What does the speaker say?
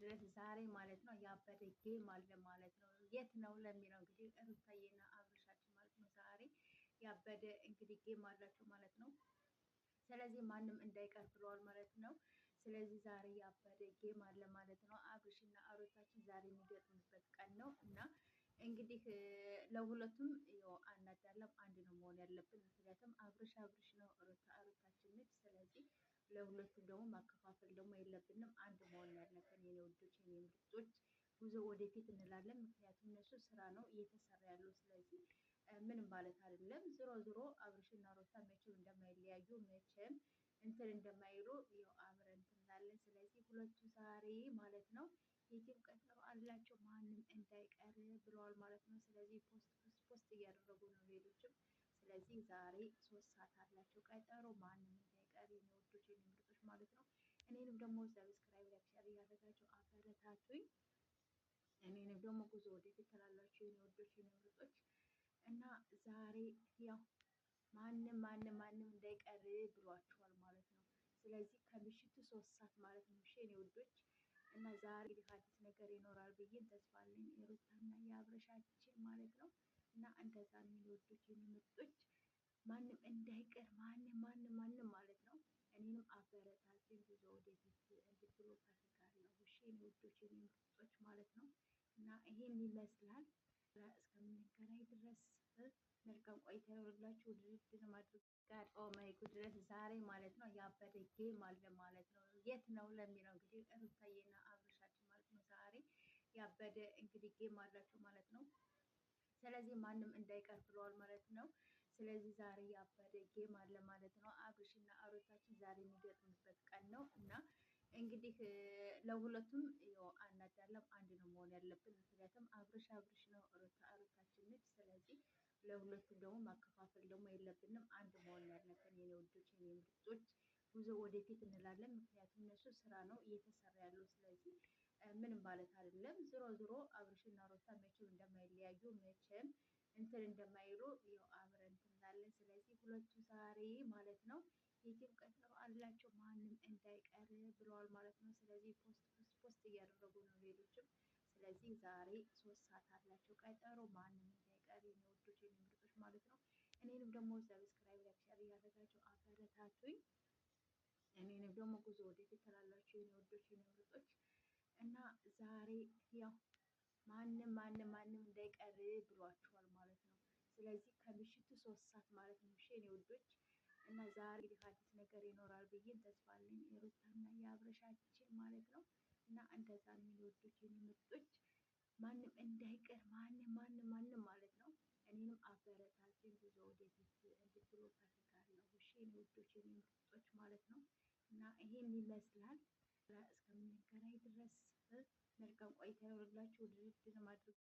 ድረስ ዛሬ ማለት ነው ያበደ ጌም አለ ማለት ነው። የት ነው ለሚለው እንግዲህ ሩታዬና አብርሻችን ማለት ነው ዛሬ ያበደ እንግዲህ ጌም አላቸው ማለት ነው። ስለዚህ ማንም እንዳይቀር ብለዋል ማለት ነው። ስለዚህ ዛሬ ያበደ ጌም አለ ማለት ነው። አብርሽና አብርሻችን ዛሬ የሚገጥሙበት ቀን ነው እና እንግዲህ ለሁለቱም ያው አናዳለም አንድ ነው መሆን ያለብን። ምክንያቱም አብርሽ አብርሽ ነው ለሁለቱም ደግሞ ማከፋፈል ደግሞ የለብንም። አንድ መሆን ያለብን የኔ ውዶች፣ የኔ ምርጦች፣ ጉዞ ወደፊት እንላለን። ምክንያቱም እነሱ ስራ ነው እየተሰራ ያለው። ስለዚህ ምንም ማለት አይደለም። ዞሮ ዞሮ አብርሽና ሮታ መቼም እንደማይለያዩ መቼም እንትን እንደማይሉ ይኸው አብረን እንላለን። ስለዚህ ሁለቱ ዛሬ ማለት ነው የኢትዮጵያ ቀጠሮ አላቸው ማንም እንዳይቀር ብለዋል ማለት ነው። ስለዚህ ፖስት ፖስት ፖስት እያደረጉ ነው ሌሎችም። ስለዚህ ዛሬ ሶስት ሰዓት አላቸው ቀጠሮ ማንም ማለት ነው። እኔንም ደግሞ ሰብስክራይብ ላይክ እያደረጋችሁ አበረታቱኝ። እኔንም ደግሞ ጉዞ ወደፊት ትላላችሁ የኔ ወዶች የኔ ምርጦች እና ዛሬ ያው ማንም ማንም ማንም እንዳይቀር ብሏችኋል ማለት ነው። ስለዚህ ከምሽቱ ሶስት ሰዓት ማለት ነው የኔ ውዶች እና ዛሬ አዲስ ነገር ይኖራል ብዬ ተስፋ አለኝ የሩታና የአብረሻችን ማለት ነው። እና እንደዛ ነው የኔ ማንም እንዳይቀር ማንም ማንም ማንም ማለት ነው። እኔንም አበረታቱኝ ጉዞ ወደፊት እንድትሉ እፈልጋለሁ። እሺ ውዶች፣ ማለት ነው እና ይሄን ይመስላል። እስከምንገናኝ ድረስ መልካም ቆይታ ይሆንላችሁ። ድርድር ማድረግ ጋር ዛሬ ማለት ነው ያበደ ጌም አለ ማለት ነው። የት ነው ለሚለው እንግዲህ ሩታዬና አብርሻችን ማለት ነው ዛሬ ያበደ እንግዲህ ጌም አላቸው ማለት ነው። ስለዚህ ማንም እንዳይቀር ብለዋል ማለት ነው። ስለዚህ ዛሬ ያበደ ጌም አለ ማለት ነው። አብርሽ እና አሮታችን ዛሬ የሚገጥምበት ቀን ነው እና እንግዲህ ለሁለቱም አናዳለም አንድ ነው መሆን ያለብን። ምክንያቱም አብርሽ አብርሽ ነው፣ ሮታ አሮታችን ነች። ስለዚህ ለሁለቱም ደግሞ ማከፋፈል ደግሞ የለብንም፣ አንድ መሆን ያለብን የኔ ውዶች፣ የኔ ምርጦች፣ ጉዞ ወደፊት እንላለን። ምክንያቱም እነሱ ስራ ነው እየተሰራ ያለው ስለዚህ ምንም ማለት አይደለም። ዞሮ ዞሮ አብርሽና ሮታ መቼም እንደማይለያዩ መቼም እንትን እንደማይሉ ይኸው አብረን እንላለን። ስለዚህ ሁለቱ ዛሬ ማለት ነው የኢትዮ ቀጠሮ አላቸው ማንም እንዳይቀር ብለዋል ማለት ነው። ስለዚህ ፖስት ፖስት እያደረጉ ነው ሌሎችም። ስለዚህ ዛሬ ሶስት ሰዓት አላቸው ቀጠሮ ማንም እንዳይቀር የሚወዱት የሚምርጦች ማለት ነው። እኔንም ደግሞ ሰብስክራይብ ላይክ እያደረጋችሁ አበረታቱኝ። እኔንም ደግሞ ጉዞ ወደፊት ትላላችሁ የሚወዱት የሚምርጦች እና ዛሬ ያው ማንም ማንም ማንም እንዳይ ስለዚህ ከምሽቱ ሶስት ሰዓት ማለት ነው። እሺ የኔ ውዶች እና ዛሬ እንግዲህ አዲስ ነገር ይኖራል ብዬን ተስፋ አለኝ የሩታና የአብረሻችን ማለት ነው። እና እንደዛ ነው ውዶች የኔ ምርጦች ማንም እንዳይቀር ማንም ማንም ማንም ማለት ነው። እኔንም አበረታቱኝ ብዙ ወደፊት እንድትሉ እፈልጋለሁ። እሺ የኔ ውዶች የኔ ምርጦች ማለት ነው። እና ይሄን ይመስላል እስከምንገናኝ ድረስ መልካም ቆይታ ይሆንላችሁ። ድርድር ማድረግ